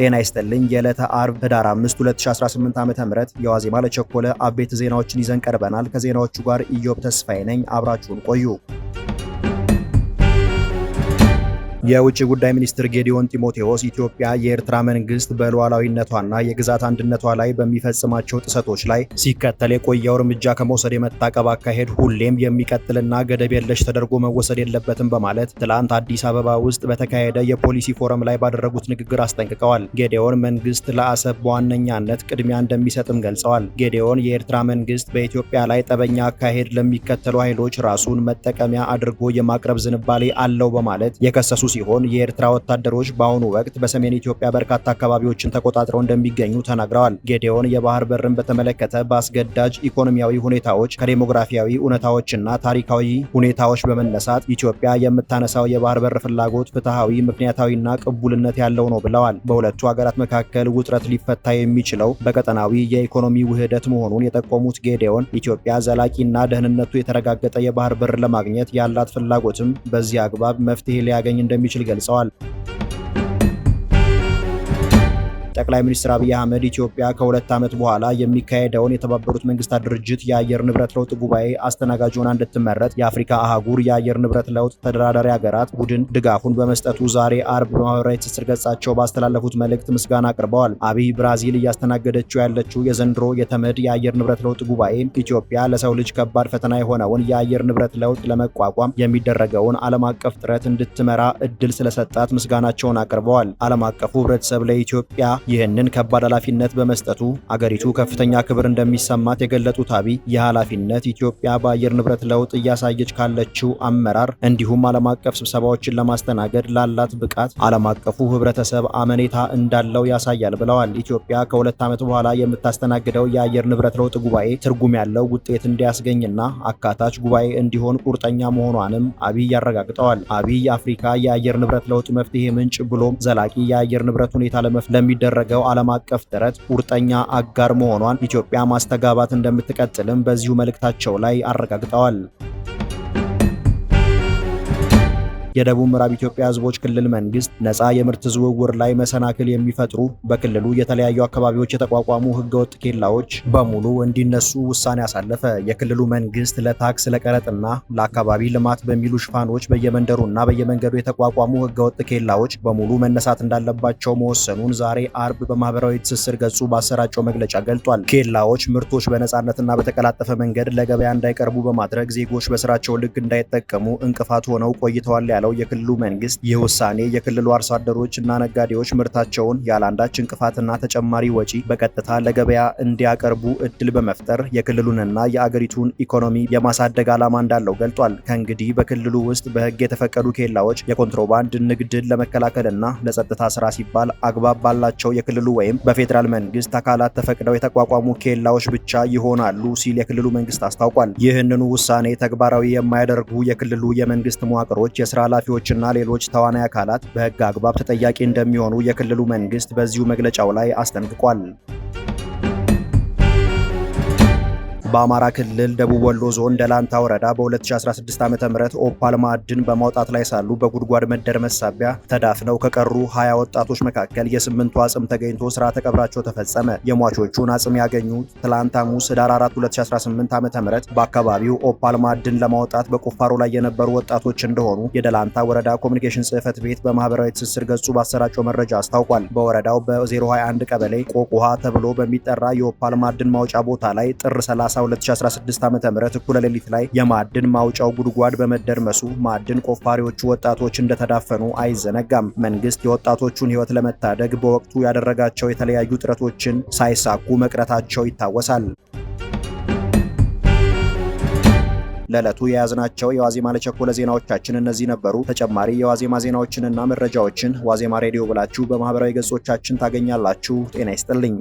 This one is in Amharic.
ጤና ይስጥልኝ። የዕለተ አርብ ህዳር 5 2018 ዓ.ም የዋዜማ ለቸኮለ አቤት ዜናዎችን ይዘን ቀርበናል። ከዜናዎቹ ጋር ኢዮብ ተስፋዬ ነኝ። አብራችሁን ቆዩ። የውጭ ጉዳይ ሚኒስትር ጌዲዮን ጢሞቴዎስ ኢትዮጵያ የኤርትራ መንግስት በሉዓላዊነቷና የግዛት አንድነቷ ላይ በሚፈጽማቸው ጥሰቶች ላይ ሲከተል የቆየው እርምጃ ከመውሰድ የመታቀብ አካሄድ ሁሌም የሚቀጥልና ገደብ የለሽ ተደርጎ መወሰድ የለበትም በማለት ትላንት አዲስ አበባ ውስጥ በተካሄደ የፖሊሲ ፎረም ላይ ባደረጉት ንግግር አስጠንቅቀዋል። ጌዲዮን መንግስት ለአሰብ በዋነኛነት ቅድሚያ እንደሚሰጥም ገልጸዋል። ጌዲዮን የኤርትራ መንግስት በኢትዮጵያ ላይ ጠበኛ አካሄድ ለሚከተሉ ኃይሎች ራሱን መጠቀሚያ አድርጎ የማቅረብ ዝንባሌ አለው በማለት የከሰሱ ሲሆን የኤርትራ ወታደሮች በአሁኑ ወቅት በሰሜን ኢትዮጵያ በርካታ አካባቢዎችን ተቆጣጥረው እንደሚገኙ ተናግረዋል። ጌዲዮን የባህር በርን በተመለከተ በአስገዳጅ ኢኮኖሚያዊ ሁኔታዎች ከዴሞግራፊያዊ እውነታዎችና ታሪካዊ ሁኔታዎች በመነሳት ኢትዮጵያ የምታነሳው የባህር በር ፍላጎት ፍትሐዊ፣ ምክንያታዊና ቅቡልነት ያለው ነው ብለዋል። በሁለቱ ሀገራት መካከል ውጥረት ሊፈታ የሚችለው በቀጠናዊ የኢኮኖሚ ውህደት መሆኑን የጠቆሙት ጌዲዮን ኢትዮጵያ ዘላቂና ደህንነቱ የተረጋገጠ የባህር በር ለማግኘት ያላት ፍላጎትም በዚህ አግባብ መፍትሄ ሊያገኝ እንደሚ እንደሚችል ገልጸዋል። ጠቅላይ ሚኒስትር አብይ አህመድ ኢትዮጵያ ከሁለት ዓመት በኋላ የሚካሄደውን የተባበሩት መንግስታት ድርጅት የአየር ንብረት ለውጥ ጉባኤ አስተናጋጅ ሆና እንድትመረጥ የአፍሪካ አህጉር የአየር ንብረት ለውጥ ተደራዳሪ ሀገራት ቡድን ድጋፉን በመስጠቱ ዛሬ አርብ በማህበራዊ ትስስር ገጻቸው ባስተላለፉት መልእክት ምስጋና አቅርበዋል። አብይ ብራዚል እያስተናገደችው ያለችው የዘንድሮ የተመድ የአየር ንብረት ለውጥ ጉባኤ ኢትዮጵያ ለሰው ልጅ ከባድ ፈተና የሆነውን የአየር ንብረት ለውጥ ለመቋቋም የሚደረገውን ዓለም አቀፍ ጥረት እንድትመራ እድል ስለሰጣት ምስጋናቸውን አቅርበዋል። ዓለም አቀፉ ህብረተሰብ ለኢትዮጵያ ይህንን ከባድ ኃላፊነት በመስጠቱ አገሪቱ ከፍተኛ ክብር እንደሚሰማት የገለጹት አብይ ይህ ኃላፊነት ኢትዮጵያ በአየር ንብረት ለውጥ እያሳየች ካለችው አመራር እንዲሁም ዓለም አቀፍ ስብሰባዎችን ለማስተናገድ ላላት ብቃት ዓለም አቀፉ ህብረተሰብ አመኔታ እንዳለው ያሳያል ብለዋል። ኢትዮጵያ ከሁለት ዓመት በኋላ የምታስተናግደው የአየር ንብረት ለውጥ ጉባኤ ትርጉም ያለው ውጤት እንዲያስገኝና አካታች ጉባኤ እንዲሆን ቁርጠኛ መሆኗንም አብይ ያረጋግጠዋል። አብይ አፍሪካ የአየር ንብረት ለውጥ መፍትሄ ምንጭ ብሎም ዘላቂ የአየር ንብረት ሁኔታ ለሚደረ ለሚደረገው ዓለም አቀፍ ጥረት ቁርጠኛ አጋር መሆኗን ኢትዮጵያ ማስተጋባት እንደምትቀጥልም በዚሁ መልእክታቸው ላይ አረጋግጠዋል። የደቡብ ምዕራብ ኢትዮጵያ ህዝቦች ክልል መንግስት ነፃ የምርት ዝውውር ላይ መሰናክል የሚፈጥሩ በክልሉ የተለያዩ አካባቢዎች የተቋቋሙ ህገወጥ ኬላዎች በሙሉ እንዲነሱ ውሳኔ አሳለፈ። የክልሉ መንግስት ለታክስ ለቀረጥና ለአካባቢ ልማት በሚሉ ሽፋኖች በየመንደሩና በየመንገዱ የተቋቋሙ ህገወጥ ኬላዎች በሙሉ መነሳት እንዳለባቸው መወሰኑን ዛሬ አርብ በማህበራዊ ትስስር ገጹ ባሰራጨው መግለጫ ገልጧል። ኬላዎች ምርቶች በነፃነትና በተቀላጠፈ መንገድ ለገበያ እንዳይቀርቡ በማድረግ ዜጎች በስራቸው ልክ እንዳይጠቀሙ እንቅፋት ሆነው ቆይተዋል ያለ ያለው የክልሉ መንግስት ይህ ውሳኔ የክልሉ አርሶ አደሮች እና ነጋዴዎች ምርታቸውን ያለአንዳች እንቅፋትና ተጨማሪ ወጪ በቀጥታ ለገበያ እንዲያቀርቡ እድል በመፍጠር የክልሉንና የአገሪቱን ኢኮኖሚ የማሳደግ ዓላማ እንዳለው ገልጧል። ከእንግዲህ በክልሉ ውስጥ በህግ የተፈቀዱ ኬላዎች የኮንትሮባንድ ንግድን ለመከላከልና ለጸጥታ ስራ ሲባል አግባብ ባላቸው የክልሉ ወይም በፌዴራል መንግስት አካላት ተፈቅደው የተቋቋሙ ኬላዎች ብቻ ይሆናሉ ሲል የክልሉ መንግስት አስታውቋል። ይህንኑ ውሳኔ ተግባራዊ የማያደርጉ የክልሉ የመንግስት መዋቅሮች የስራ ኃላፊዎችና ሌሎች ተዋናይ አካላት በህግ አግባብ ተጠያቂ እንደሚሆኑ የክልሉ መንግስት በዚሁ መግለጫው ላይ አስጠንቅቋል። በአማራ ክልል ደቡብ ወሎ ዞን ደላንታ ወረዳ በ2016 ዓ ም ኦፓል ማዕድን በማውጣት ላይ ሳሉ በጉድጓድ መደርመስ ሳቢያ ተዳፍነው ከቀሩ 20 ወጣቶች መካከል የስምንቱ አጽም ተገኝቶ ስርዓተ ቀብራቸው ተፈጸመ። የሟቾቹን አጽም ያገኙት ትላንት ሐሙስ ህዳር 4 2018 ዓ ም በአካባቢው ኦፓል ማዕድን ለማውጣት በቁፋሮ ላይ የነበሩ ወጣቶች እንደሆኑ የደላንታ ወረዳ ኮሚኒኬሽን ጽህፈት ቤት በማህበራዊ ትስስር ገጹ ባሰራጨው መረጃ አስታውቋል። በወረዳው በ021 ቀበሌ ቆቁሃ ተብሎ በሚጠራ የኦፓል ማዕድን ማውጫ ቦታ ላይ ጥር 30 2016 ዓ.ም እኩለ ሌሊት ላይ የማዕድን ማውጫው ጉድጓድ በመደርመሱ ማዕድን ቆፋሪዎቹ ወጣቶች እንደተዳፈኑ አይዘነጋም። መንግስት የወጣቶቹን ህይወት ለመታደግ በወቅቱ ያደረጋቸው የተለያዩ ጥረቶችን ሳይሳኩ መቅረታቸው ይታወሳል። ለዕለቱ የያዝናቸው የዋዜማ ለቸኮለ ዜናዎቻችን እነዚህ ነበሩ። ተጨማሪ የዋዜማ ዜናዎችንና መረጃዎችን ዋዜማ ሬዲዮ ብላችሁ በማህበራዊ ገጾቻችን ታገኛላችሁ። ጤና ይስጥልኝ።